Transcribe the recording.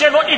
Cielo i